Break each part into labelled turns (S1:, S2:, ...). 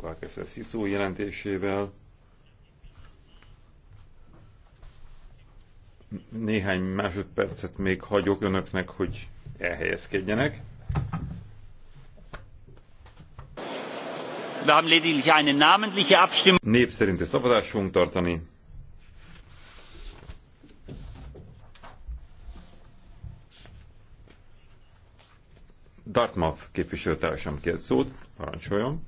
S1: Valkeszel Sziszó jelentésével. Néhány másodpercet még hagyok önöknek, hogy elhelyezkedjenek. Wir haben lediglich eine namentliche Abstimmung. Név szerinti fogunk tartani. Dartmouth képviselőtársam kért szót, parancsoljon.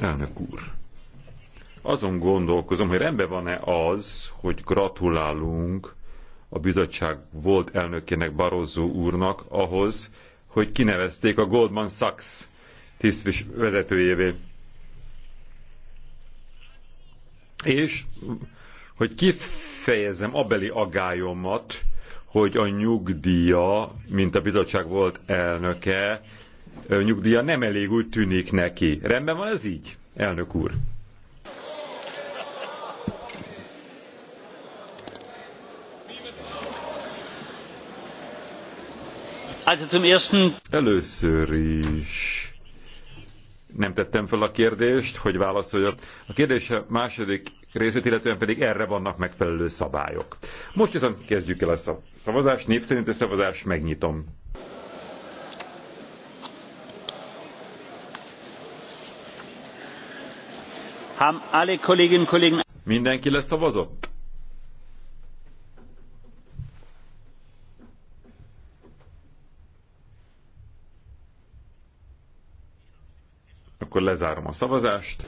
S1: Elnök úr, azon gondolkozom, hogy rendben van-e az, hogy gratulálunk a bizottság volt elnökének Barroso úrnak ahhoz, hogy kinevezték a Goldman Sachs tisztvis vezetőjévé. És hogy kifejezem abeli agályomat, hogy a nyugdíja, mint a bizottság volt elnöke, nyugdíja nem elég úgy tűnik neki. Rendben van ez így, elnök úr? Először is nem tettem fel a kérdést, hogy válaszoljak. A kérdés második részét, illetően pedig erre vannak megfelelő szabályok. Most viszont kezdjük el a szavazást. Név szerint a szavazást megnyitom. Mindenki leszavazott? Akkor lezárom a szavazást.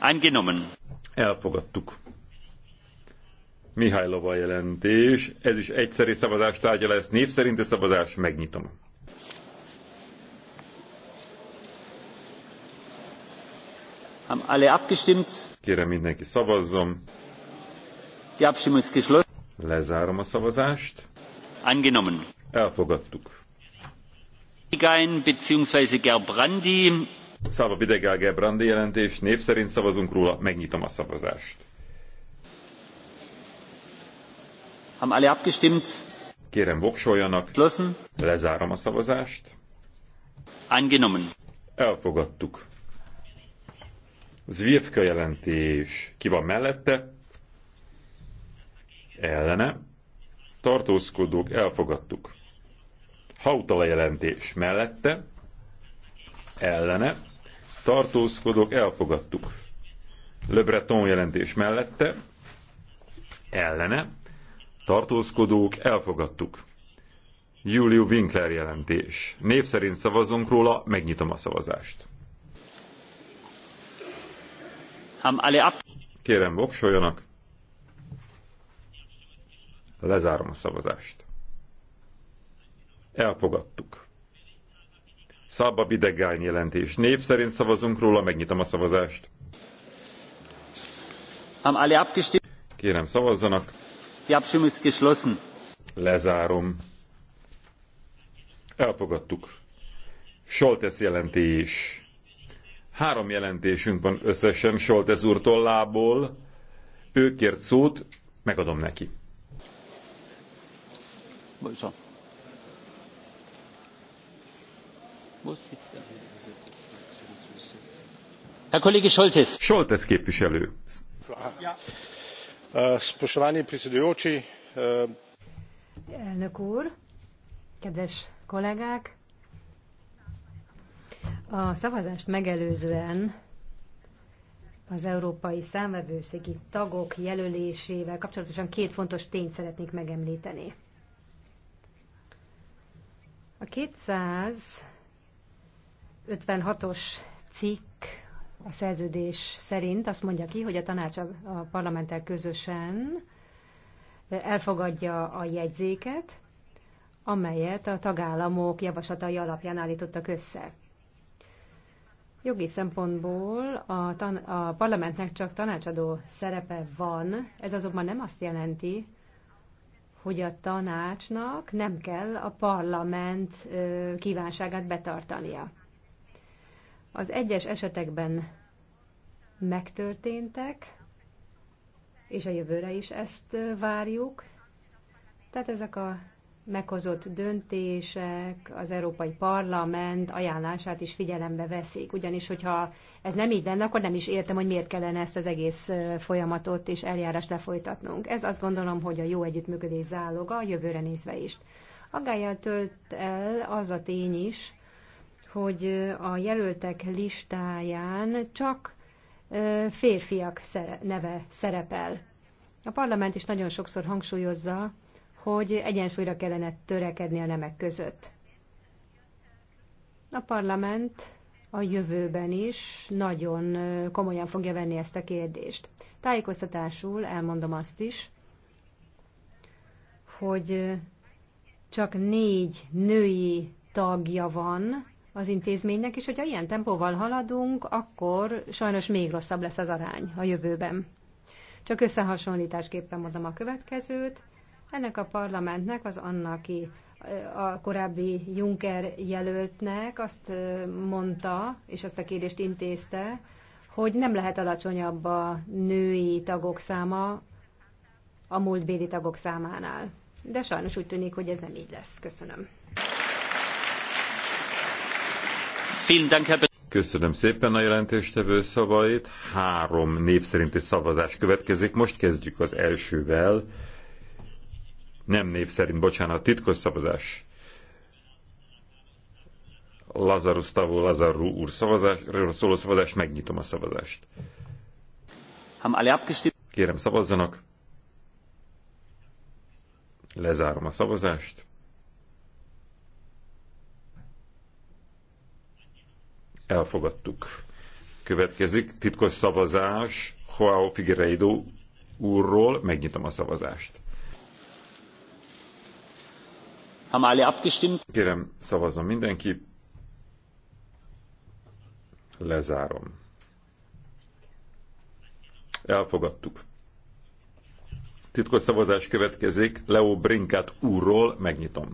S1: Eingenommen. Elfogadtuk. Lova jelentés. Ez is egyszerű szavazás tárgya lesz. Név szerinti szavazás. Megnyitom. Kérem mindenki szavazzon. Lezárom a szavazást. Angenommen. Elfogadtuk. Igen, beziehungsweise Gerbrandi. Szava Bidegál Gerbrandi jelentés, név szerint szavazunk róla, megnyitom a szavazást. Haben alle abgestimmt? Kérem voksoljanak. Lezárom a szavazást.
S2: Angenommen.
S1: Elfogadtuk. Zvivka jelentés. Ki van mellette? Ellene. Tartózkodók elfogadtuk. Hautala jelentés mellette. Ellene. Tartózkodók elfogadtuk. Le Breton jelentés mellette. Ellene. Tartózkodók elfogadtuk. Julio Winkler jelentés. Név szerint szavazunk róla, megnyitom a szavazást. Kérem, voksoljanak. Lezárom a szavazást. Elfogadtuk. Szabba Bidegány jelentés. Név szerint szavazunk róla, megnyitom a szavazást. Kérem, szavazzanak. Lezárom. Elfogadtuk. Soltesz jelentés. Három jelentésünk van összesen Soltez úr tollából. Ő kért szót, megadom neki. Bocsánat. Herr Kollege Scholtes. Scholtes képviselő.
S3: Elnök úr, kedves kollégák, a szavazást megelőzően az európai számvevőszéki tagok jelölésével kapcsolatosan két fontos tényt szeretnék megemlíteni. A 256-os cikk a szerződés szerint azt mondja ki, hogy a tanács a parlamenttel közösen elfogadja a jegyzéket, amelyet a tagállamok javaslatai alapján állítottak össze. Jogi szempontból a, tan- a parlamentnek csak tanácsadó szerepe van, ez azonban nem azt jelenti, hogy a tanácsnak nem kell a parlament kívánságát betartania. Az egyes esetekben megtörténtek, és a jövőre is ezt várjuk. Tehát ezek a meghozott döntések, az Európai Parlament ajánlását is figyelembe veszik. Ugyanis, hogyha ez nem így lenne, akkor nem is értem, hogy miért kellene ezt az egész folyamatot és eljárást lefolytatnunk. Ez azt gondolom, hogy a jó együttműködés záloga a jövőre nézve is. Aggájjal tölt el az a tény is, hogy a jelöltek listáján csak férfiak neve szerepel. A parlament is nagyon sokszor hangsúlyozza, hogy egyensúlyra kellene törekedni a nemek között. A parlament a jövőben is nagyon komolyan fogja venni ezt a kérdést. Tájékoztatásul elmondom azt is, hogy csak négy női tagja van az intézménynek, és hogyha ilyen tempóval haladunk, akkor sajnos még rosszabb lesz az arány a jövőben. Csak összehasonlításképpen mondom a következőt. Ennek a parlamentnek, az annaki a korábbi Juncker jelöltnek azt mondta, és azt a kérdést intézte, hogy nem lehet alacsonyabb a női tagok száma a múltbéli tagok számánál. De sajnos úgy tűnik, hogy ez nem így lesz. Köszönöm.
S1: Köszönöm szépen a jelentéstevő szavait. Három név szerinti szavazás következik. Most kezdjük az elsővel nem név szerint, bocsánat, titkos szavazás. Lazarus Tavó Lazaru úr szavazásról szóló szavazást, megnyitom a szavazást. Kérem szavazzanak. Lezárom a szavazást. Elfogadtuk. Következik titkos szavazás Joao Figueiredo úrról. Megnyitom a szavazást. Haben alle abgestimmt? Kérem, szavazzon mindenki. Lezárom. Elfogadtuk. Titkos szavazás következik. Leo Brinkát úrról megnyitom.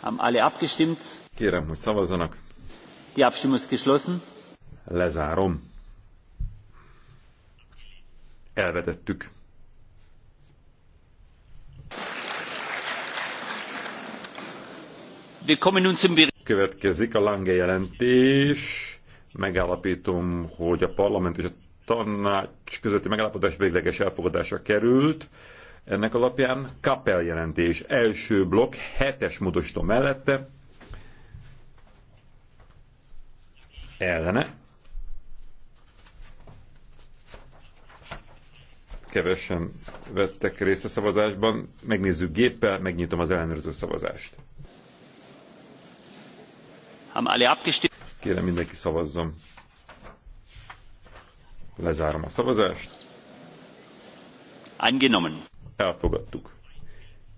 S1: Haben alle abgestimmt? Kérem, hogy szavazzanak. Die Abstimmung ist geschlossen. Lezárom. Elvetettük. Következik a Lange jelentés. Megállapítom, hogy a parlament és a tanács közötti megállapodás végleges elfogadása került. Ennek alapján Kapel jelentés első blokk, hetes módosító mellette. Ellene. Kevesen vettek részt a szavazásban. Megnézzük géppel, megnyitom az ellenőrző szavazást. Haben alle abgestimmt? Kérem mindenki szavazzon. Lezárom a szavazást. Angenommen. Elfogadtuk.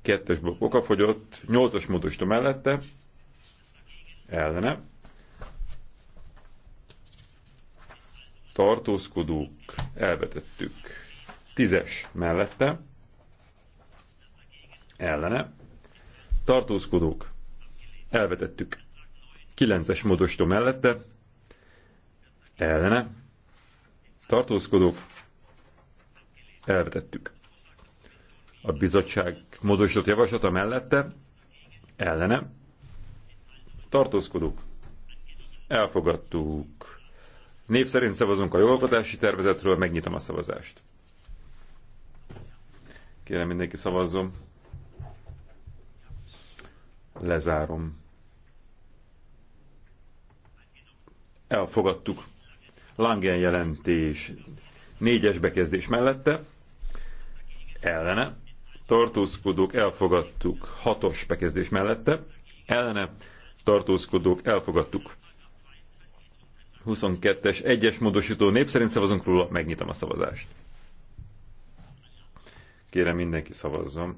S1: Kettes blokk fogyott. nyolcas módosító mellette, ellene. Tartózkodók, elvetettük. Tízes mellette, ellene. Tartózkodók, elvetettük. 9-es mellette, ellene, tartózkodók, elvetettük. A bizottság módosított javaslata mellette, ellene, tartózkodók, elfogadtuk. Név szerint szavazunk a jogalkotási tervezetről, megnyitom a szavazást. Kérem mindenki szavazzon. Lezárom. Elfogadtuk. Langen jelentés négyes bekezdés mellette, ellene, tartózkodók elfogadtuk hatos bekezdés mellette, ellene, tartózkodók elfogadtuk. 22-es egyes módosító név szerint szavazunk róla, megnyitom a szavazást. Kérem mindenki szavazzon.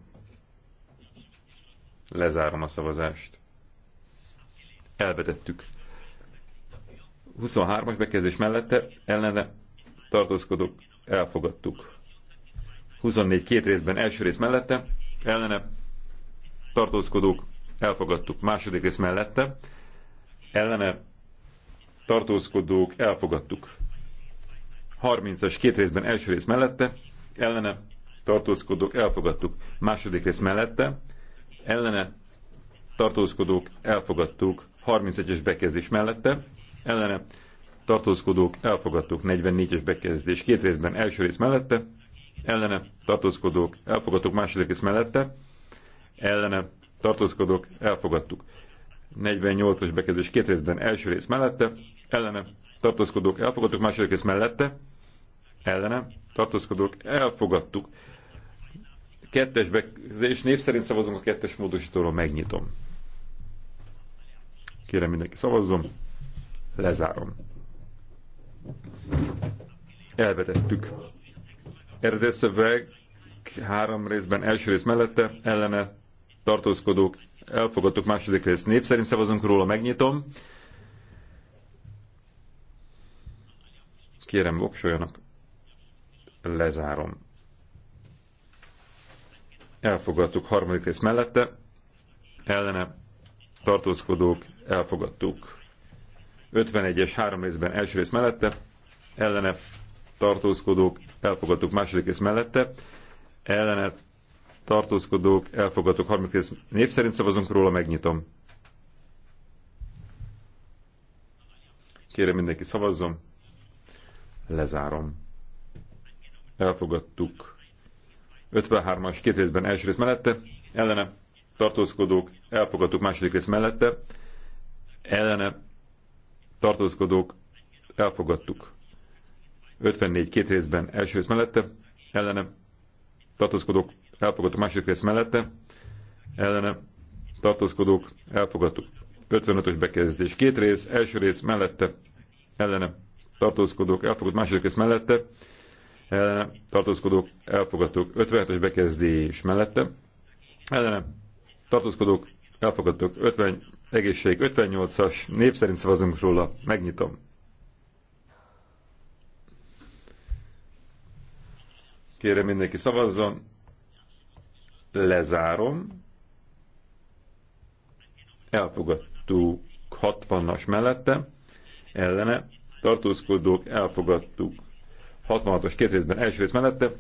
S1: Lezárom a szavazást. Elvetettük. 23-as bekezdés mellette ellene tartózkodók elfogadtuk. 24 két részben első rész mellette ellene tartózkodók elfogadtuk. Második rész mellette ellene tartózkodók elfogadtuk. 30-as két részben első rész mellette ellene tartózkodók elfogadtuk. Második rész mellette ellene tartózkodók elfogadtuk. 31-es bekezdés mellette ellene tartózkodók elfogadtuk 44-es bekezdés két részben első rész mellette, ellene tartózkodók elfogadtuk második rész mellette, ellene tartózkodók elfogadtuk 48-as bekezdés két részben első rész mellette, ellene tartózkodók elfogadtuk második rész mellette, ellene tartózkodók elfogadtuk kettes bekezdés név szerint szavazunk a kettes módosítóról megnyitom. Kérem mindenki szavazzon. Lezárom. Elvetettük. Eredet szöveg három részben, első rész mellette, ellene tartózkodók, elfogadtuk második rész. Név szerint szavazunk róla, megnyitom. Kérem, voksoljanak. Lezárom. Elfogadtuk harmadik rész mellette, ellene tartózkodók, elfogadtuk. 51-es három részben első rész mellette, ellene tartózkodók elfogadtuk második rész mellette, ellene tartózkodók elfogadtuk harmadik rész név szerint szavazunk róla, megnyitom. Kérem mindenki szavazzon. Lezárom. Elfogadtuk. 53-as két részben első rész mellette, ellene tartózkodók elfogadtuk második rész mellette, ellene tartózkodók elfogadtuk. 54 két részben első rész mellette, ellene tartózkodók elfogadtuk második rész mellette, ellene tartózkodók elfogadtuk. 55-ös bekezdés két rész, első rész mellette, ellene tartózkodók elfogadtuk második rész mellette, ellene tartózkodók elfogadtuk. 57-ös bekezdés mellette, ellene tartózkodók elfogadtuk egészség 58-as, név szerint szavazunk róla, megnyitom. Kérem mindenki szavazzon. Lezárom. Elfogadtuk 60-as mellette, ellene tartózkodók, elfogadtuk 66-os két részben első rész mellette,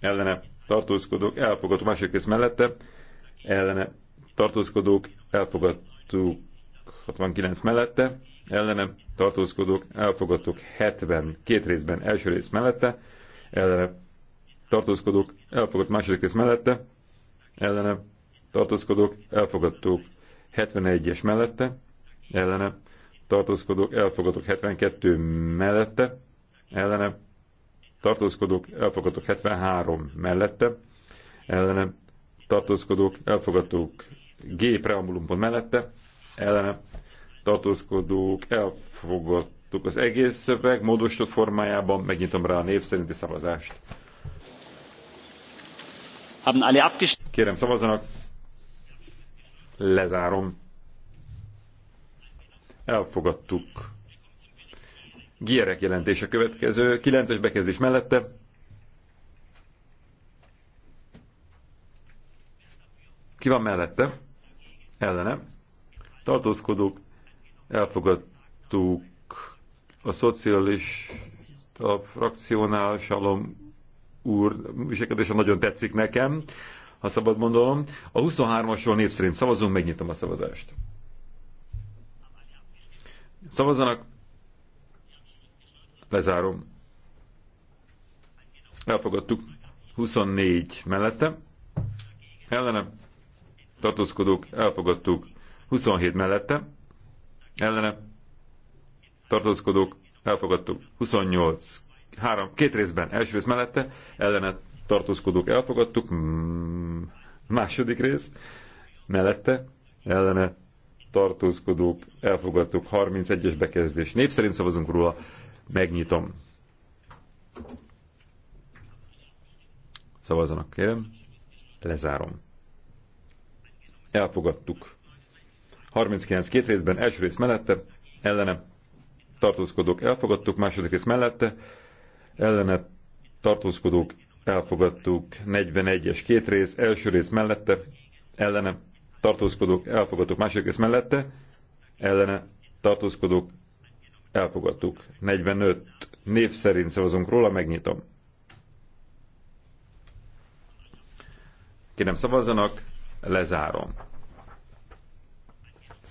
S1: ellene tartózkodók, elfogadtuk második rész mellette, ellene tartózkodók, elfogadtuk elfogadtuk 69 mellette, ellenem tartózkodók elfogadtuk 70 két részben első rész mellette, ellenem tartózkodók elfogadtuk második rész mellette, ellenem tartózkodók elfogadtuk 71-es mellette, ellenem tartózkodók elfogadtuk 72 mellette, ellenem tartózkodók elfogadtuk 73 mellette, ellenem tartózkodók elfogadtuk G preambulumpont mellette ellene tartózkodók elfogadtuk az egész szöveg módosított formájában, megnyitom rá a név szerinti szavazást. Kérem szavazzanak, lezárom. Elfogadtuk. Gierek jelentése következő, Kilences bekezdés mellette. Ki van mellette? ellene. Tartózkodók elfogadtuk a szocialista frakciónál Salom úr viselkedése nagyon tetszik nekem, ha szabad mondom. A 23-asról név szerint szavazunk, megnyitom a szavazást. Szavazzanak. Lezárom. Elfogadtuk. 24 mellette. Ellenem tartózkodók elfogadtuk 27 mellette, ellene tartózkodók elfogadtuk 28 három, két részben, első rész mellette, ellene tartózkodók elfogadtuk, mm, második rész mellette, ellene tartózkodók elfogadtuk, 31-es bekezdés. Név szerint szavazunk róla, megnyitom. Szavazanak, kérem. Lezárom elfogadtuk. 39 két részben, első rész mellette, ellene tartózkodók elfogadtuk, második rész mellette, ellene tartózkodók elfogadtuk, 41-es két rész, első rész mellette, ellene tartózkodók elfogadtuk, második rész mellette, ellene tartózkodók elfogadtuk. 45 név szerint szavazunk róla, megnyitom. Kérem szavazzanak, Lezárom.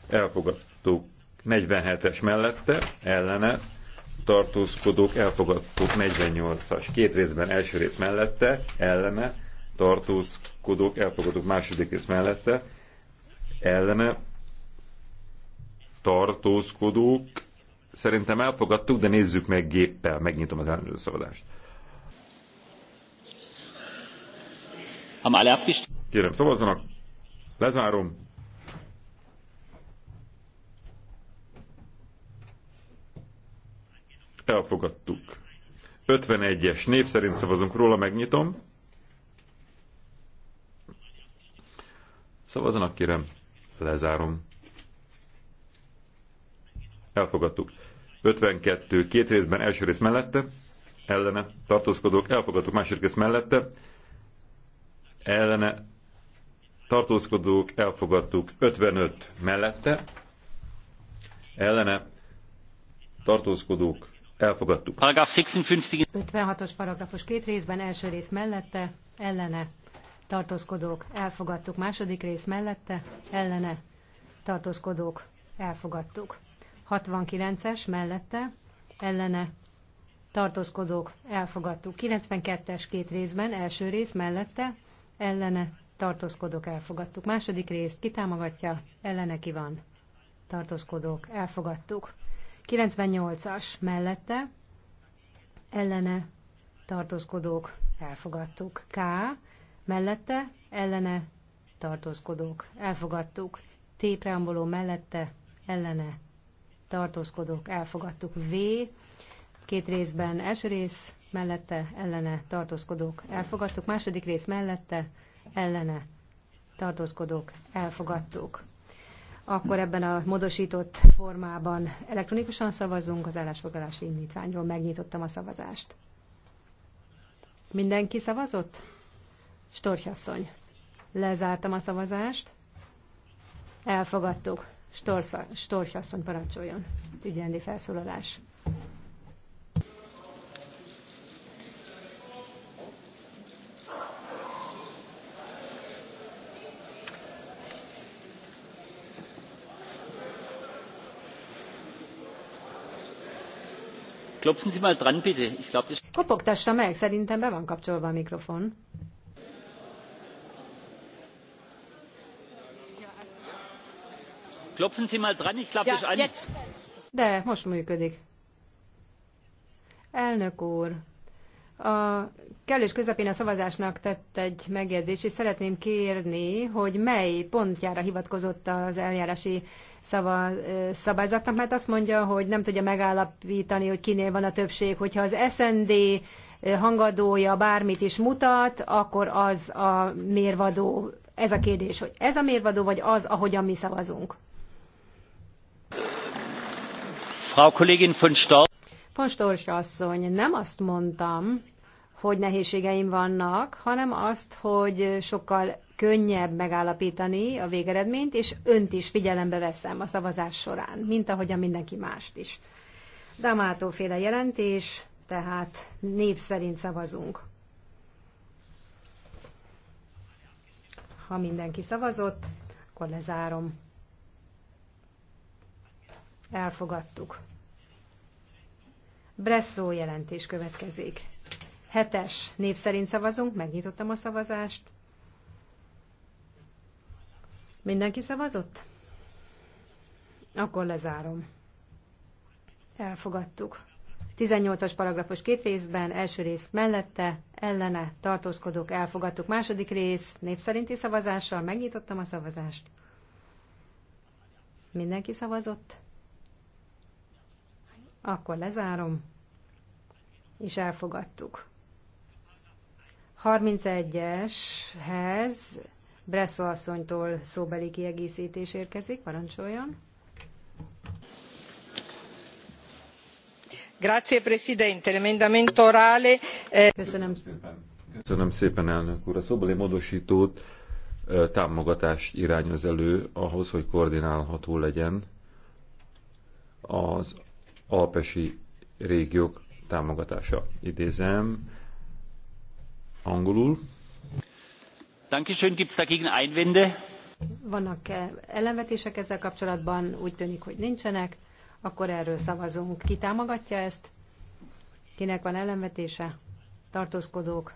S1: Elfogadtuk 47-es mellette, ellene tartózkodók elfogadtuk 48-as. Két részben első rész mellette, ellene tartózkodók elfogadtuk második rész mellette, ellene tartózkodók szerintem elfogadtuk, de nézzük meg géppel. Megnyitom az ellenőrző szavazást. Kérem, szavazzanak. Lezárom. Elfogadtuk. 51-es név szerint szavazunk róla, megnyitom. Szavazanak kérem, lezárom. Elfogadtuk. 52 két részben első rész mellette, ellene tartózkodók, elfogadtuk második rész mellette, ellene tartózkodók elfogadtuk 55 mellette, ellene tartózkodók elfogadtuk. Paragraf 56.
S2: 56-os
S3: paragrafus két részben, első rész mellette, ellene tartózkodók elfogadtuk, második rész mellette, ellene tartózkodók elfogadtuk. 69-es mellette, ellene tartózkodók elfogadtuk. 92-es két részben, első rész mellette, ellene tartózkodók elfogadtuk. Második részt kitámogatja, ellene ki van, tartózkodók elfogadtuk. 98-as mellette, ellene tartózkodók elfogadtuk. K mellette, ellene tartózkodók elfogadtuk. T preambuló mellette, ellene tartózkodók elfogadtuk. V két részben első rész mellette, ellene tartózkodók elfogadtuk. Második rész mellette, ellene tartózkodók elfogadtuk. Akkor ebben a módosított formában elektronikusan szavazunk az állásfoglalási indítványról. Megnyitottam a szavazást. Mindenki szavazott? Storchasszony. Lezártam a szavazást. Elfogadtuk. Storchasszony parancsoljon. Ügyrendi felszólalás.
S2: Klopfen Sie mal dran, bitte. Ich glaub, das...
S3: Kopogtassa meg, szerintem be van kapcsolva a mikrofon.
S2: Klopfen Sie mal dran, ich glaube, ja, dich an. Jetzt.
S3: De, most működik. Elnök úr, a kellős közepén a szavazásnak tett egy megjegyzés, és szeretném kérni, hogy mely pontjára hivatkozott az eljárási szava, szabályzatnak, mert azt mondja, hogy nem tudja megállapítani, hogy kinél van a többség. Hogyha az SND hangadója bármit is mutat, akkor az a mérvadó. Ez a kérdés, hogy ez a mérvadó, vagy az, ahogyan mi szavazunk.
S2: Frau Kollegin von Storch.
S3: Pastorsi asszony, nem azt mondtam, hogy nehézségeim vannak, hanem azt, hogy sokkal könnyebb megállapítani a végeredményt, és önt is figyelembe veszem a szavazás során, mint a mindenki mást is. Damátó féle jelentés, tehát név szerint szavazunk. Ha mindenki szavazott, akkor lezárom. Elfogadtuk. Bresszó jelentés következik. Hetes név szerint szavazunk, megnyitottam a szavazást. Mindenki szavazott? Akkor lezárom. Elfogadtuk. 18-as paragrafus két részben, első rész mellette, ellene, tartózkodók, elfogadtuk. Második rész, név szerinti szavazással, megnyitottam a szavazást. Mindenki szavazott? Akkor lezárom, és elfogadtuk. 31-eshez Bresso asszonytól szóbeli kiegészítés érkezik, parancsoljon. Grazie Presidente, l'emendamento orale... Eh, Köszönöm.
S1: Köszönöm szépen, elnök úr. A szóbeli módosítót eh, támogatást irányoz elő ahhoz, hogy koordinálható legyen az alpesi régiók támogatása. Idézem angolul.
S2: Dankeschön, es dagegen Einwände?
S3: Vannak-e ellenvetések ezzel kapcsolatban? Úgy tűnik, hogy nincsenek. Akkor erről szavazunk. Ki támogatja ezt? Kinek van ellenvetése? Tartózkodók.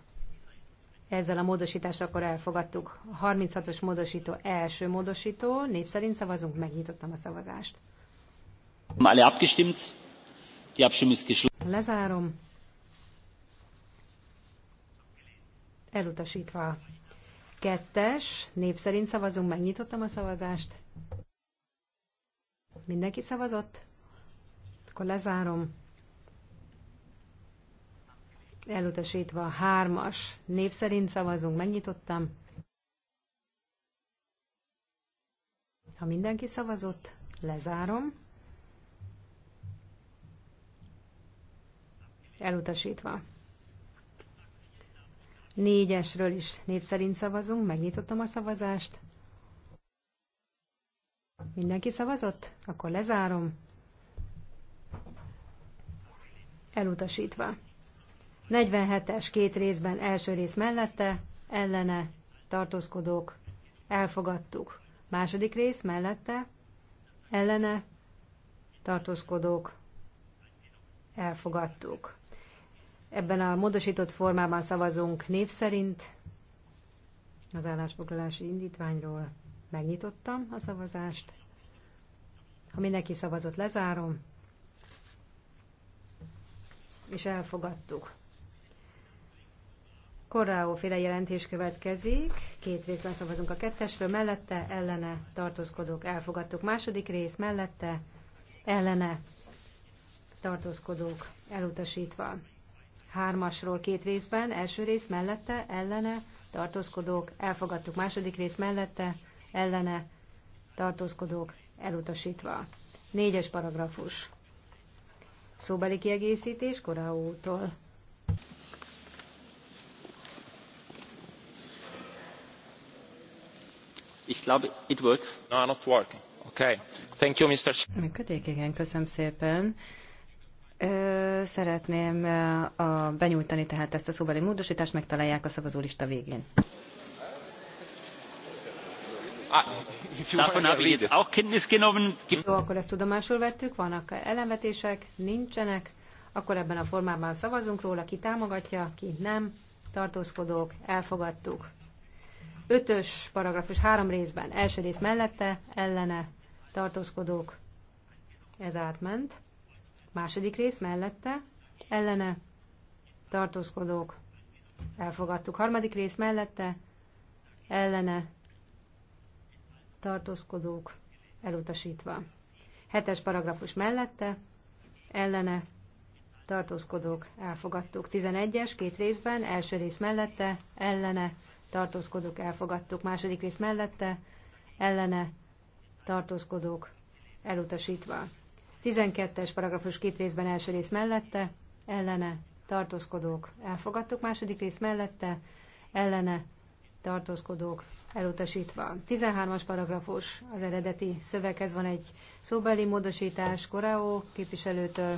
S3: Ezzel a módosítással akkor elfogadtuk. A 36-os módosító első módosító. Név szerint szavazunk. Megnyitottam a szavazást.
S2: Alle abgestimmt? Lezárom.
S3: Elutasítva. Kettes, név szerint szavazunk, megnyitottam a szavazást. Mindenki szavazott? Akkor lezárom. Elutasítva. Hármas, név szerint szavazunk, megnyitottam. Ha mindenki szavazott, lezárom. elutasítva. Négyesről is név szerint szavazunk, megnyitottam a szavazást. Mindenki szavazott? Akkor lezárom. Elutasítva. 47-es két részben első rész mellette, ellene, tartózkodók, elfogadtuk. Második rész mellette, ellene, tartózkodók, elfogadtuk. Ebben a módosított formában szavazunk név szerint az állásfoglalási indítványról. Megnyitottam a szavazást. Ha mindenki szavazott, lezárom. És elfogadtuk. Korráó féle jelentés következik. Két részben szavazunk a kettesről. Mellette, ellene, tartózkodók, elfogadtuk. Második rész, mellette, ellene, tartózkodók, elutasítva hármasról két részben, első rész mellette, ellene, tartózkodók, elfogadtuk második rész mellette, ellene, tartózkodók, elutasítva. Négyes paragrafus. Szóbeli kiegészítés Koraótól.
S2: Ich glaube, it works. No, not working. Okay. Thank you, Mr.
S3: Működik, igen, köszönöm szépen. Ö szeretném a, benyújtani tehát ezt a szóbeli módosítást, megtalálják a szavazólista végén.
S2: Ah, Jó,
S3: akkor ezt tudomásul vettük, vannak ellenvetések, nincsenek, akkor ebben a formában szavazunk róla, ki támogatja, ki nem, tartózkodók, elfogadtuk. Ötös paragrafus három részben, első rész mellette, ellene, tartózkodók, ez átment. Második rész mellette, ellene, tartózkodók, elfogadtuk. Harmadik rész mellette, ellene, tartózkodók, elutasítva. Hetes paragrafus mellette, ellene, tartózkodók, elfogadtuk. Tizenegyes két részben, első rész mellette, ellene, tartózkodók, elfogadtuk. Második rész mellette, ellene, tartózkodók, elutasítva. 12-es paragrafus két részben első rész mellette, ellene, tartózkodók, elfogadtuk. Második rész mellette, ellene, tartózkodók, elutasítva. 13-as paragrafus az eredeti szöveghez van egy szóbeli módosítás Koreó képviselőtől,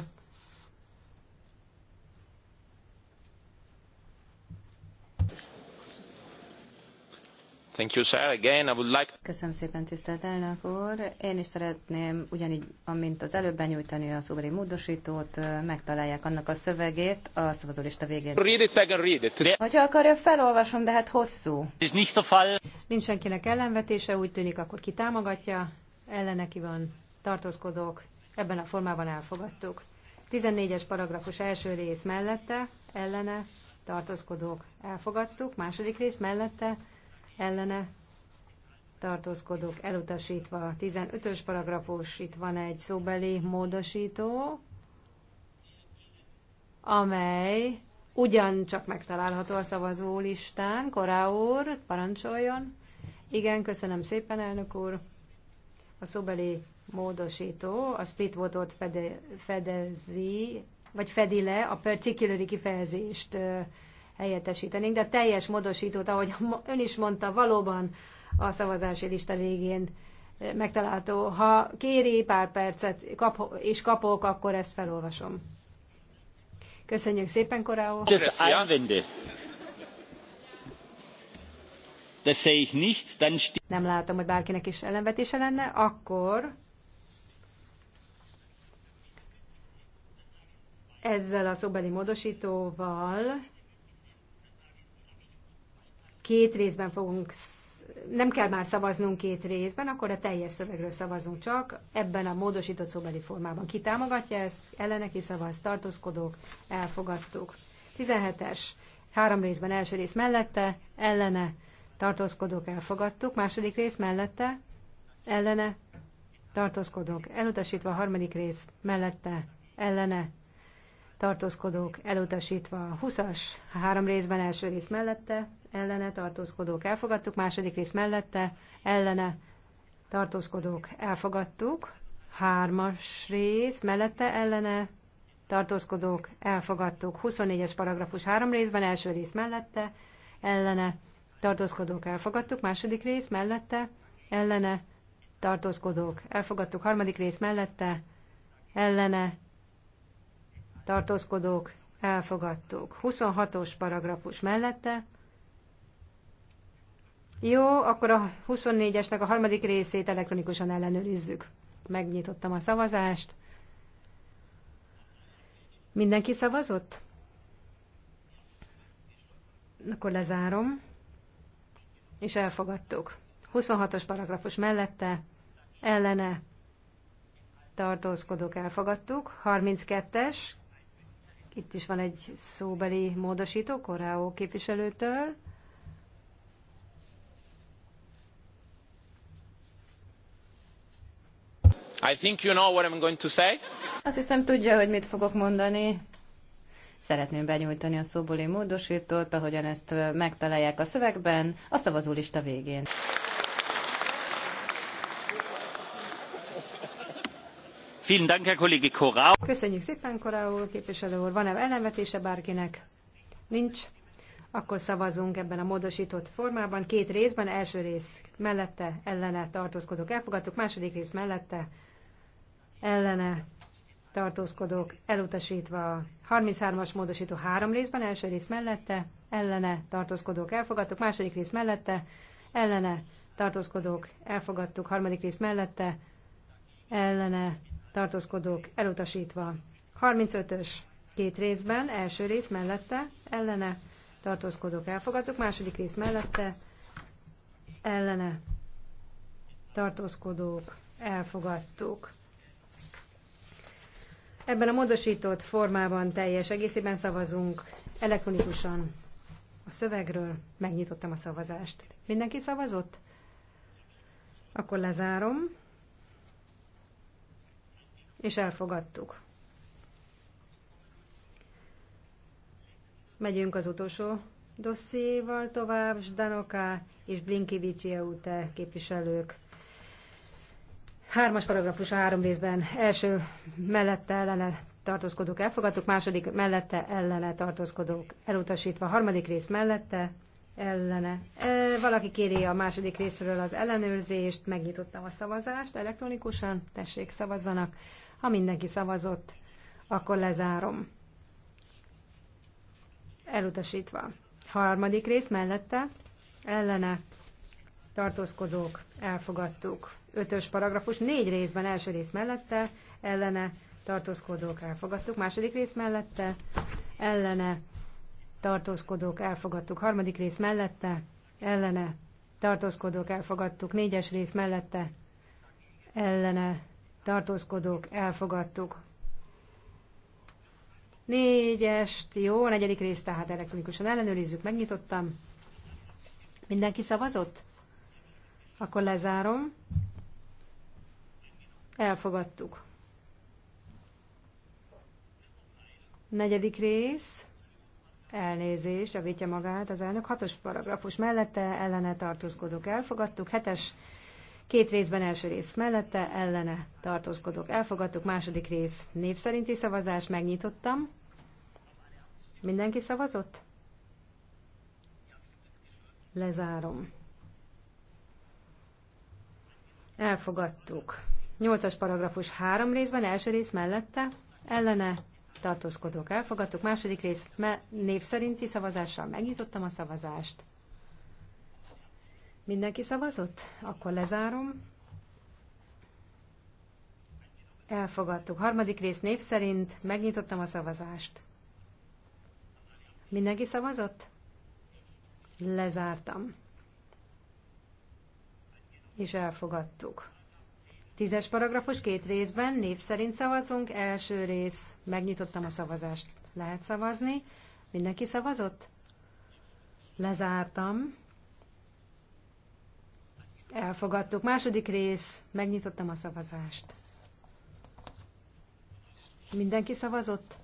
S2: Thank you, sir. Again, I would like...
S3: Köszönöm szépen, tisztelt elnök úr. Én is szeretném, ugyanígy, amint az előbb benyújtani a szóbeli módosítót, megtalálják annak a szövegét a szavazólista végén.
S2: Read it, I read it.
S3: Hogyha akarja, felolvasom, de hát hosszú.
S2: Ez nicht a fall.
S3: Nincs senkinek ellenvetése, úgy tűnik, akkor ki támogatja, ellene ki van, tartózkodók, ebben a formában elfogadtuk. 14-es paragrafus első rész mellette, ellene, tartózkodók, elfogadtuk, második rész mellette, ellene tartózkodók elutasítva. 15-ös paragrafus, itt van egy szóbeli módosító, amely ugyancsak megtalálható a szavazólistán. Korá úr, parancsoljon. Igen, köszönöm szépen, elnök úr. A szóbeli módosító a split votot fede, fedezi, vagy fedi le a particular kifejezést helyettesítenénk, de teljes módosítót, ahogy ön is mondta, valóban a szavazási lista végén eh, megtalálható. Ha kéri pár percet kap, és kapok, akkor ezt felolvasom. Köszönjük szépen, Koráó. Nem látom, hogy bárkinek is ellenvetése lenne, akkor ezzel a szóbeli módosítóval két részben fogunk, nem kell már szavaznunk két részben, akkor a teljes szövegről szavazunk csak, ebben a módosított szóbeli formában. Ki támogatja ezt? Elleneki szavaz, tartózkodók, elfogadtuk. 17-es, három részben első rész mellette, ellene, tartózkodók, elfogadtuk. Második rész mellette, ellene, tartózkodók, elutasítva a harmadik rész mellette, ellene, tartózkodók elutasítva. 20-as, három részben első rész mellette, ellene tartózkodók elfogadtuk, második rész mellette, ellene tartózkodók elfogadtuk, hármas rész mellette, ellene tartózkodók elfogadtuk, 24-es paragrafus három részben első rész mellette, ellene tartózkodók elfogadtuk, második rész mellette, ellene tartózkodók elfogadtuk, harmadik rész mellette, ellene tartózkodók, elfogadtuk. 26-os paragrafus mellette. Jó, akkor a 24-esnek a harmadik részét elektronikusan ellenőrizzük. Megnyitottam a szavazást. Mindenki szavazott? Akkor lezárom. És elfogadtuk. 26-os paragrafus mellette, ellene tartózkodók elfogadtuk. 32-es itt is van egy szóbeli módosító Koráó képviselőtől.
S2: I think you know what I'm going to say.
S3: Azt hiszem tudja, hogy mit fogok mondani. Szeretném benyújtani a szóbóli módosítót, ahogyan ezt megtalálják a szövegben, a szavazólista végén. Köszönjük szépen, Corrao úr, képviselő úr. Van-e ellenvetése bárkinek? Nincs. Akkor szavazunk ebben a módosított formában. Két részben, első rész mellette, ellene tartózkodók elfogadtuk, második rész mellette, ellene tartózkodók elutasítva. 33-as módosító három részben, első rész mellette, ellene tartózkodók elfogadtuk, második rész mellette, ellene tartózkodók elfogadtuk, harmadik rész mellette, ellene tartózkodók elutasítva. 35-ös két részben, első rész mellette, ellene, tartózkodók elfogadtuk, második rész mellette, ellene, tartózkodók elfogadtuk. Ebben a módosított formában teljes egészében szavazunk elektronikusan a szövegről. Megnyitottam a szavazást. Mindenki szavazott? Akkor lezárom és elfogadtuk. Megyünk az utolsó dossziéval tovább, Zdanoká és Blinkevicsi Eute képviselők. Hármas paragrafus a három részben. Első mellette ellene tartózkodók elfogadtuk, második mellette ellene tartózkodók elutasítva, harmadik rész mellette ellene. E, valaki kéri a második részről az ellenőrzést, megnyitottam a szavazást elektronikusan, tessék, szavazzanak. Ha mindenki szavazott, akkor lezárom. Elutasítva. Harmadik rész mellette, ellene, tartózkodók, elfogadtuk. Ötös paragrafus, négy részben, első rész mellette, ellene, tartózkodók, elfogadtuk. Második rész mellette, ellene, tartózkodók, elfogadtuk. Harmadik rész mellette, ellene, tartózkodók, elfogadtuk. Négyes rész mellette, ellene, tartózkodók, elfogadtuk. Négyest, jó, a negyedik részt tehát elektronikusan ellenőrizzük, megnyitottam. Mindenki szavazott? Akkor lezárom. Elfogadtuk. Negyedik rész. Elnézést, javítja magát az elnök. Hatos paragrafus mellette ellene tartózkodók elfogadtuk. Hetes Két részben első rész mellette, ellene tartózkodok. Elfogadtuk második rész név szerinti szavazás, megnyitottam. Mindenki szavazott? Lezárom. Elfogadtuk. Nyolcas paragrafus három részben, első rész mellette, ellene tartózkodók elfogadtuk. Második rész me név szerinti szavazással megnyitottam a szavazást. Mindenki szavazott? Akkor lezárom. Elfogadtuk. Harmadik rész név szerint megnyitottam a szavazást. Mindenki szavazott? Lezártam. És elfogadtuk. Tízes paragrafus két részben név szerint szavazunk. Első rész. Megnyitottam a szavazást. Lehet szavazni. Mindenki szavazott? Lezártam. Elfogadtuk. Második rész. Megnyitottam a szavazást. Mindenki szavazott?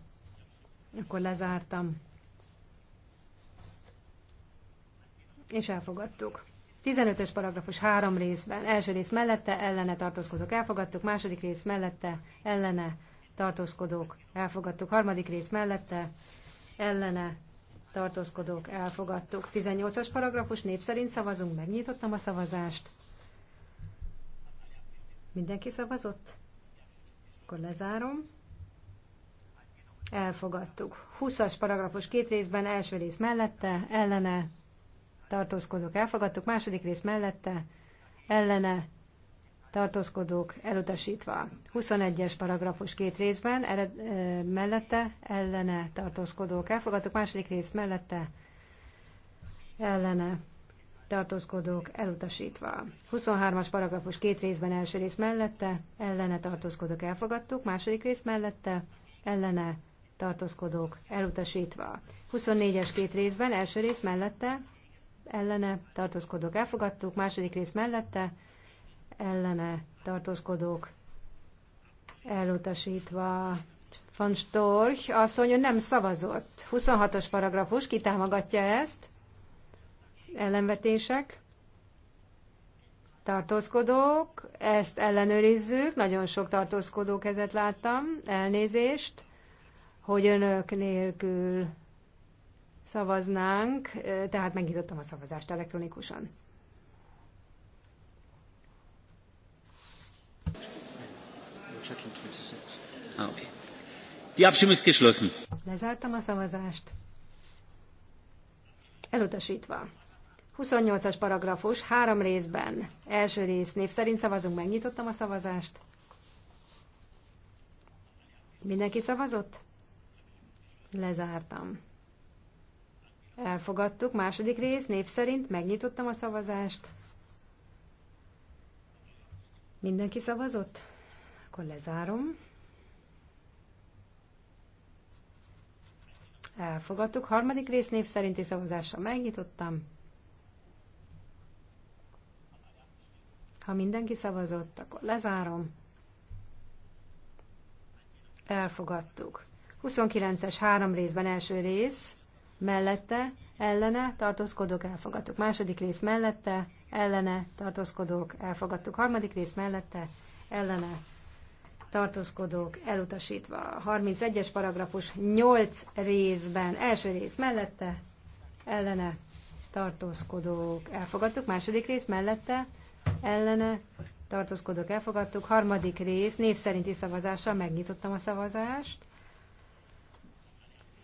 S3: Akkor lezártam. És elfogadtuk. 15-ös paragrafus három részben. Első rész mellette, ellene tartózkodók elfogadtuk. Második rész mellette, ellene tartózkodók elfogadtuk. Harmadik rész mellette, ellene tartózkodók elfogadtuk. 18-as paragrafus név szerint szavazunk. Megnyitottam a szavazást. Mindenki szavazott? Akkor lezárom. Elfogadtuk. 20-as paragrafus két részben, első rész mellette, ellene, tartózkodók elfogadtuk, második rész mellette, ellene, tartózkodók elutasítva. 21-es paragrafus két részben, ered, e, mellette, ellene, tartózkodók elfogadtuk, második rész mellette, ellene, tartózkodók elutasítva. 23-as paragrafus két részben első rész mellette, ellene tartózkodók elfogadtuk, második rész mellette, ellene tartózkodók elutasítva. 24-es két részben első rész mellette, ellene tartózkodók elfogadtuk, második rész mellette, ellene tartózkodók elutasítva. Van Storch mondja, nem szavazott. 26-os paragrafus kitámogatja ezt, ellenvetések, tartózkodók, ezt ellenőrizzük, nagyon sok tartózkodó kezet láttam, elnézést, hogy önök nélkül szavaznánk, tehát megnyitottam a szavazást elektronikusan.
S2: Die Abstimmung ist geschlossen.
S3: Lezártam a szavazást. Elutasítva. 28-as paragrafus, három részben. Első rész név szerint szavazunk, megnyitottam a szavazást. Mindenki szavazott? Lezártam. Elfogadtuk. Második rész, név szerint megnyitottam a szavazást. Mindenki szavazott? Akkor lezárom. Elfogadtuk. Harmadik rész név szerinti szavazással megnyitottam. Ha mindenki szavazott, akkor lezárom. Elfogadtuk. 29-es három részben első rész, mellette, ellene, tartózkodok, elfogadtuk. Második rész mellette, ellene, tartózkodok, elfogadtuk. Harmadik rész mellette, ellene, tartózkodok, elutasítva. 31-es paragrafus 8 részben, első rész mellette, ellene, tartózkodók, elfogadtuk. Második rész mellette, ellene tartózkodók elfogadtuk. Harmadik rész, név szerinti szavazással megnyitottam a szavazást.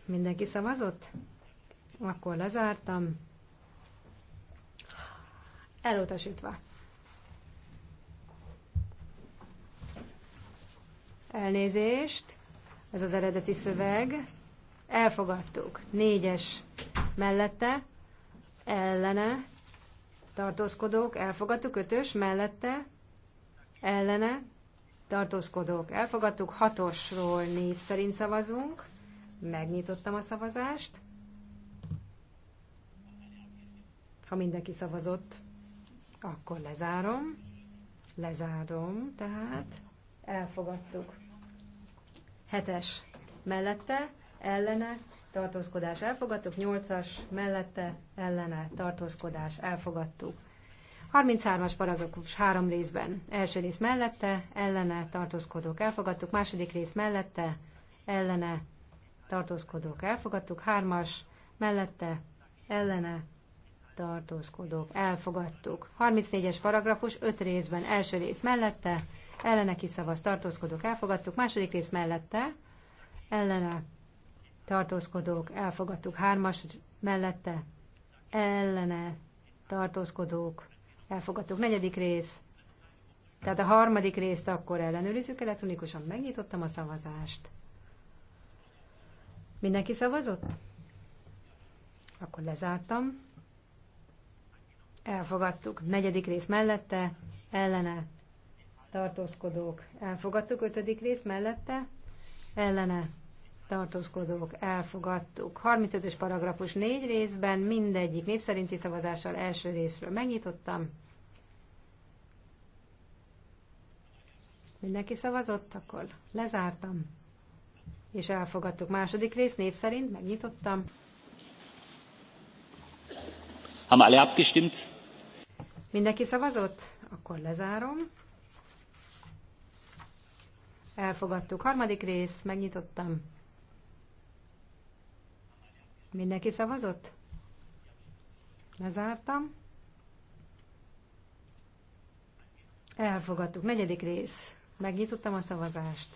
S3: Mindenki szavazott? Akkor lezártam. Elutasítva. Elnézést. Ez az eredeti szöveg. Elfogadtuk. Négyes mellette, ellene, tartózkodók, elfogadtuk, ötös, mellette, ellene, tartózkodók, elfogadtuk, hatosról név szerint szavazunk, megnyitottam a szavazást, ha mindenki szavazott, akkor lezárom, lezárom, tehát elfogadtuk. Hetes mellette, ellene, tartózkodás elfogadtuk, 8-as mellette ellene tartózkodás elfogadtuk. 33-as paragrafus három részben. Első rész mellette, ellene tartózkodók elfogadtuk, második rész mellette, ellene tartózkodók elfogadtuk, hármas mellette, ellene tartózkodók elfogadtuk. 34-es paragrafus öt részben. Első rész mellette, ellene kiszavaz tartózkodók elfogadtuk, második rész mellette, ellene tartózkodók, elfogadtuk. Hármas mellette, ellene, tartózkodók, elfogadtuk. Negyedik rész, tehát a harmadik részt akkor ellenőrizzük elektronikusan. Megnyitottam a szavazást. Mindenki szavazott? Akkor lezártam. Elfogadtuk. Negyedik rész mellette, ellene, tartózkodók. Elfogadtuk ötödik rész mellette, ellene, tartózkodók elfogadtuk. 35-ös paragrafus négy részben, mindegyik népszerinti szavazással első részről megnyitottam. Mindenki szavazott, akkor lezártam. És elfogadtuk. Második rész név szerint megnyitottam.
S2: Haben alle abgestimmt?
S3: Mindenki szavazott? Akkor lezárom. Elfogadtuk. Harmadik rész, megnyitottam. Mindenki szavazott? Lezártam. Elfogadtuk. Negyedik rész. Megnyitottam a szavazást.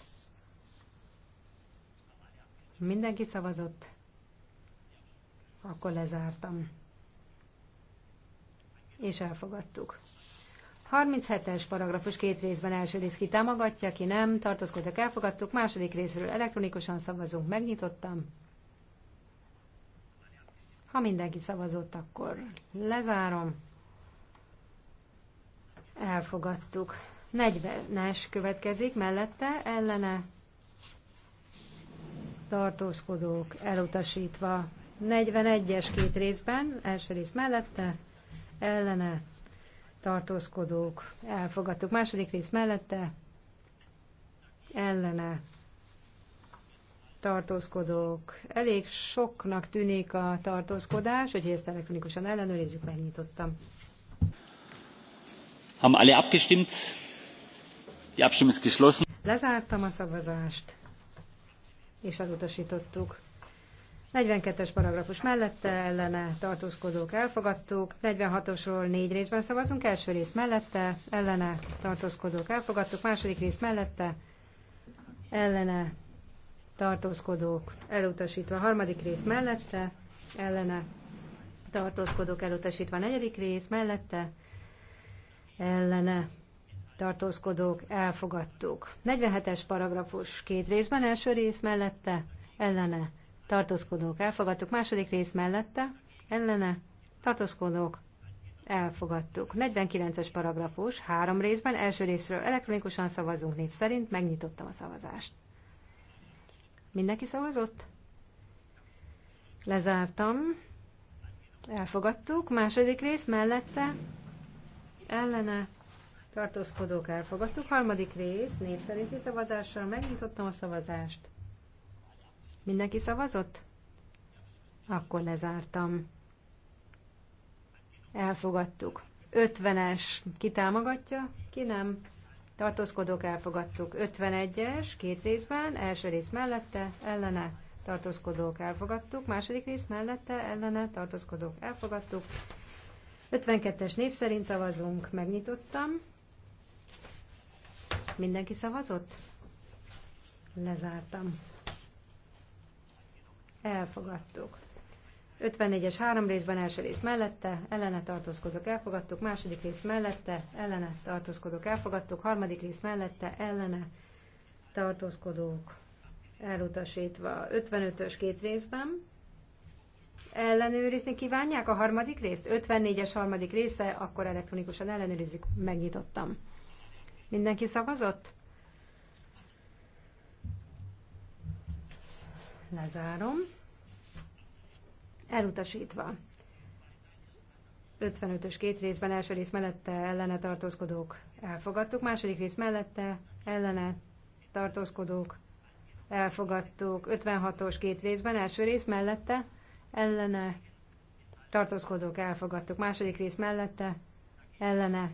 S3: Mindenki szavazott? Akkor lezártam. És elfogadtuk. 37-es paragrafus két részben első rész ki támogatja, ki nem, tartózkodtak, elfogadtuk. Második részről elektronikusan szavazunk, megnyitottam. Ha mindenki szavazott, akkor lezárom. Elfogadtuk. 40-es következik, mellette ellene tartózkodók elutasítva. 41-es két részben, első rész mellette, ellene tartózkodók elfogadtuk. Második rész mellette, ellene tartózkodók. Elég soknak tűnik a tartózkodás, hogy ezt elektronikusan ellenőrizzük, megnyitottam.
S2: Haben alle abgestimmt? Die Abstimmung ist geschlossen.
S3: Lezártam a szavazást, és elutasítottuk. 42-es paragrafus mellette ellene tartózkodók elfogadtuk, 46-osról négy részben szavazunk, első rész mellette ellene tartózkodók elfogadtuk, második rész mellette ellene tartózkodók elutasítva. Harmadik rész mellette, ellene tartózkodók elutasítva. Negyedik rész mellette, ellene tartózkodók elfogadtuk. 47-es paragrafus két részben, első rész mellette, ellene tartózkodók elfogadtuk. Második rész mellette, ellene tartózkodók elfogadtuk. 49-es paragrafus három részben, első részről elektronikusan szavazunk név szerint, megnyitottam a szavazást. Mindenki szavazott? Lezártam. Elfogadtuk. Második rész mellette. Ellene. Tartózkodók elfogadtuk. Harmadik rész. Név szerinti szavazással megnyitottam a szavazást. Mindenki szavazott? Akkor lezártam. Elfogadtuk. 50-es. Ki támogatja? Ki nem? tartózkodók elfogadtuk. 51-es, két részben, első rész mellette, ellene, tartózkodók elfogadtuk, második rész mellette, ellene, tartózkodók elfogadtuk. 52-es név szerint szavazunk, megnyitottam. Mindenki szavazott? Lezártam. Elfogadtuk. 54-es három részben első rész mellette, ellene tartózkodok, elfogadtuk, második rész mellette, ellene tartózkodok, elfogadtuk, harmadik rész mellette, ellene tartózkodók elutasítva. 55-ös két részben. Ellenőrizni kívánják a harmadik részt? 54-es harmadik része, akkor elektronikusan ellenőrizzük, megnyitottam. Mindenki szavazott? Lezárom. Elutasítva. 55-ös két részben, első rész mellette ellene tartózkodók elfogadtuk, második rész mellette ellene tartózkodók elfogadtuk, 56-os két részben, első rész mellette ellene tartózkodók elfogadtuk, második rész mellette ellene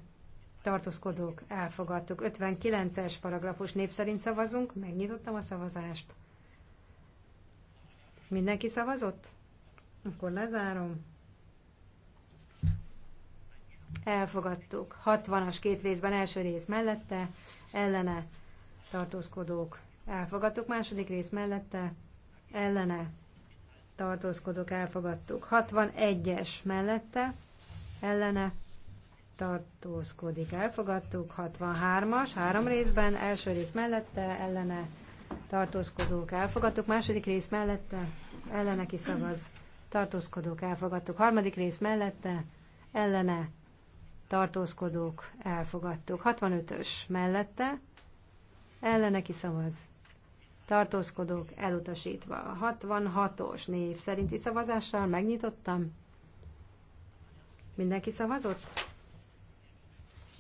S3: tartózkodók elfogadtuk. 59-es paragrafus név szerint szavazunk, megnyitottam a szavazást. Mindenki szavazott? Akkor lezárom. Elfogadtuk. 60-as két részben első rész mellette, ellene tartózkodók. Elfogadtuk második rész mellette, ellene tartózkodók. Elfogadtuk. 61-es mellette, ellene tartózkodik. Elfogadtuk. 63-as három részben, első rész mellette, ellene tartózkodók. Elfogadtuk második rész mellette, ellene kiszavaz tartózkodók elfogadtuk. Harmadik rész mellette, ellene, tartózkodók elfogadtuk. 65-ös mellette, ellene kiszavaz. Tartózkodók elutasítva. 66-os név szerinti szavazással megnyitottam. Mindenki szavazott?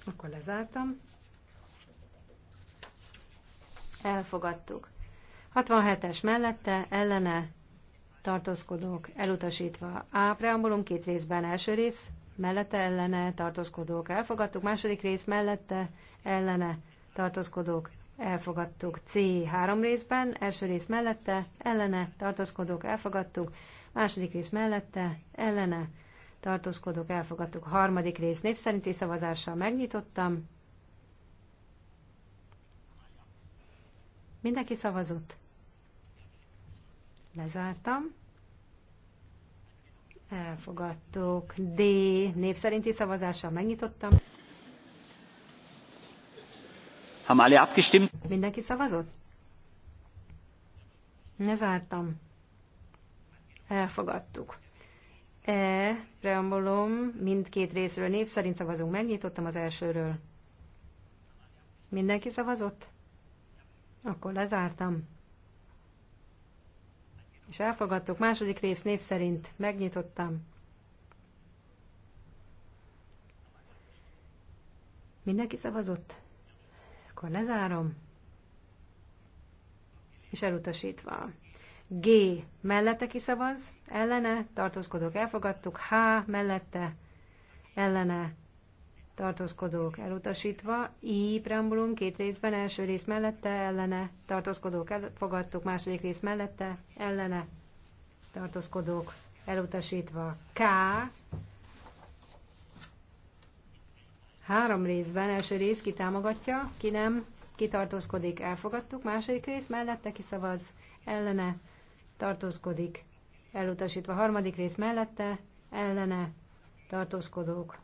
S3: Akkor lezártam. Elfogadtuk. 67-es mellette, ellene, tartózkodók elutasítva. A preambulum két részben első rész mellette ellene tartózkodók elfogadtuk, második rész mellette ellene tartózkodók elfogadtuk. C három részben, első rész mellette ellene tartózkodók elfogadtuk, második rész mellette ellene tartózkodók elfogadtuk. Harmadik rész népszerinti szavazással megnyitottam. Mindenki szavazott? Lezártam. Elfogadtuk. D. Név szerinti szavazással megnyitottam.
S2: Haben alle abgestimmt?
S3: Mindenki szavazott? Lezártam. Elfogadtuk. E, preambulum, mindkét részről név szerint szavazunk. Megnyitottam az elsőről. Mindenki szavazott? Akkor lezártam és elfogadtuk. Második rész név szerint megnyitottam. Mindenki szavazott? Akkor lezárom. És elutasítva. G mellette kiszavaz, ellene, Tartózkodok. elfogadtuk, H mellette, ellene, tartózkodók elutasítva, I preambulum két részben, első rész mellette, ellene, tartózkodók elfogadtuk, második rész mellette, ellene, tartózkodók elutasítva, K három részben, első rész kitámogatja, ki nem, tartózkodik, elfogadtuk, második rész mellette kiszavaz, ellene, tartózkodik, elutasítva, harmadik rész mellette, ellene, tartózkodók,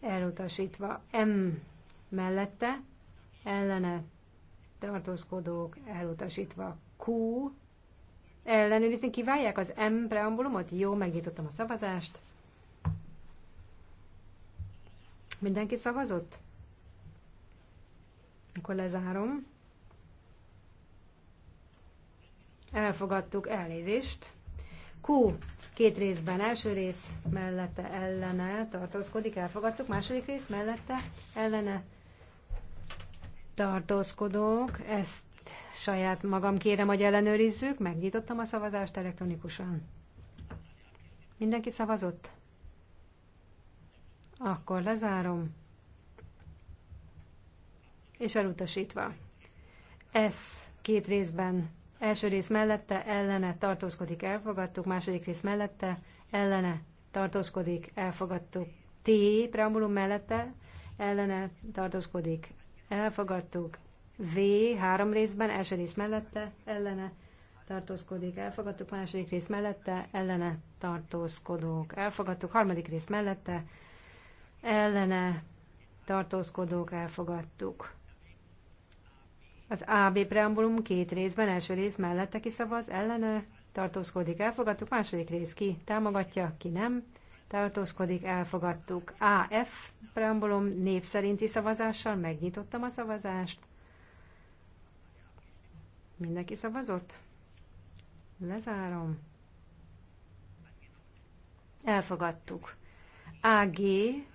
S3: elutasítva, M mellette, ellene tartózkodók elutasítva, Q ellenőrizni kívánják az M preambulumot? Jó, megnyitottam a szavazást. Mindenki szavazott? Akkor lezárom. Elfogadtuk elnézést. Q két részben, első rész mellette ellene tartózkodik, elfogadtuk, második rész mellette ellene tartózkodók, ezt saját magam kérem, hogy ellenőrizzük, megnyitottam a szavazást elektronikusan. Mindenki szavazott? Akkor lezárom. És elutasítva. Ez két részben Első rész mellette ellene tartózkodik, elfogadtuk. Második rész mellette ellene tartózkodik, elfogadtuk. T preambulum mellette ellene tartózkodik, elfogadtuk. V három részben, első rész mellette ellene tartózkodik, elfogadtuk. Második rész mellette ellene tartózkodók, elfogadtuk. Harmadik rész mellette ellene tartózkodók, elfogadtuk. Az AB preambulum két részben, első rész mellette kiszavaz, ellene tartózkodik, elfogadtuk, második rész ki támogatja, ki nem, tartózkodik, elfogadtuk. AF preambulum név szerinti szavazással megnyitottam a szavazást. Mindenki szavazott? Lezárom. Elfogadtuk. AG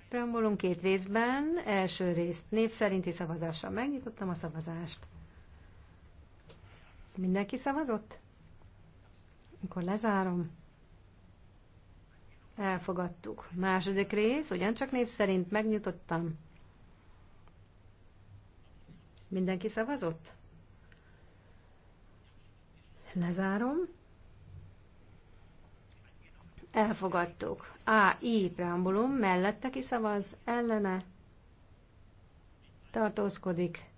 S3: preambulum két részben, első részt név szerinti szavazással megnyitottam a szavazást. Mindenki szavazott? Akkor lezárom. Elfogadtuk. Második rész, ugyancsak név szerint megnyitottam. Mindenki szavazott? Lezárom. Elfogadtuk. A. I. Preambulum mellette kiszavaz, ellene tartózkodik,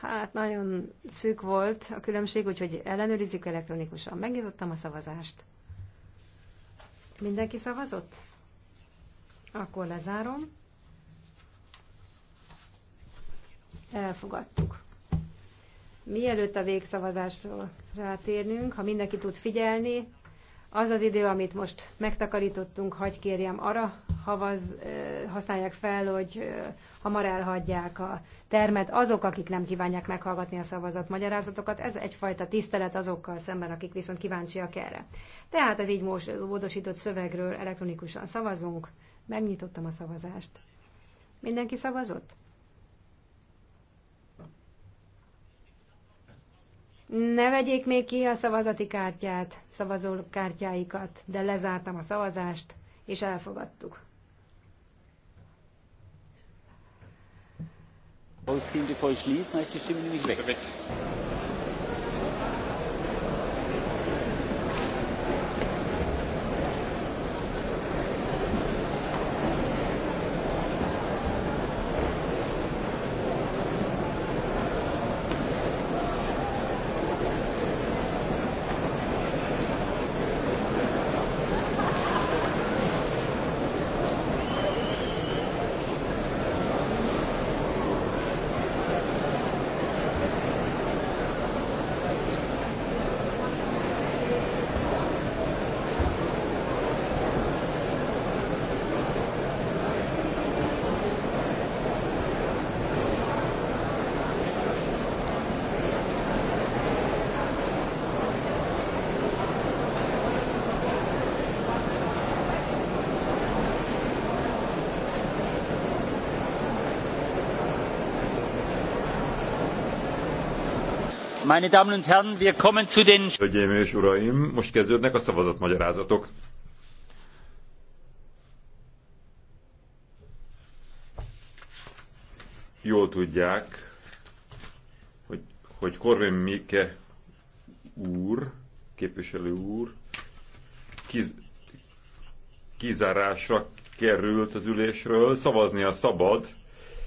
S3: Hát nagyon szűk volt a különbség, úgyhogy ellenőrizzük elektronikusan. Megnyitottam a szavazást. Mindenki szavazott? Akkor lezárom. Elfogadtuk. Mielőtt a végszavazásról rátérnünk, ha mindenki tud figyelni, az az idő, amit most megtakarítottunk, hagyj kérjem arra, havaz, használják fel, hogy hamar elhagyják a termet azok, akik nem kívánják meghallgatni a szavazat magyarázatokat. Ez egyfajta tisztelet azokkal szemben, akik viszont kíváncsiak erre. Tehát ez így most módosított szövegről elektronikusan szavazunk. Megnyitottam a szavazást. Mindenki szavazott? Ne vegyék még ki a szavazati kártyát, szavazó kártyáikat, de lezártam a szavazást, és elfogadtuk.
S2: Ausztin, bevor ich schließe, ist die Stimme nämlich
S1: weg. Meine Damen und Herren, wir kommen zu den... Hölgyeim és uraim, most kezdődnek a szavazatmagyarázatok. Jól tudják, hogy, hogy Korvin Mike úr, képviselő úr, kiz, kizárásra került az ülésről, szavazni a szabad,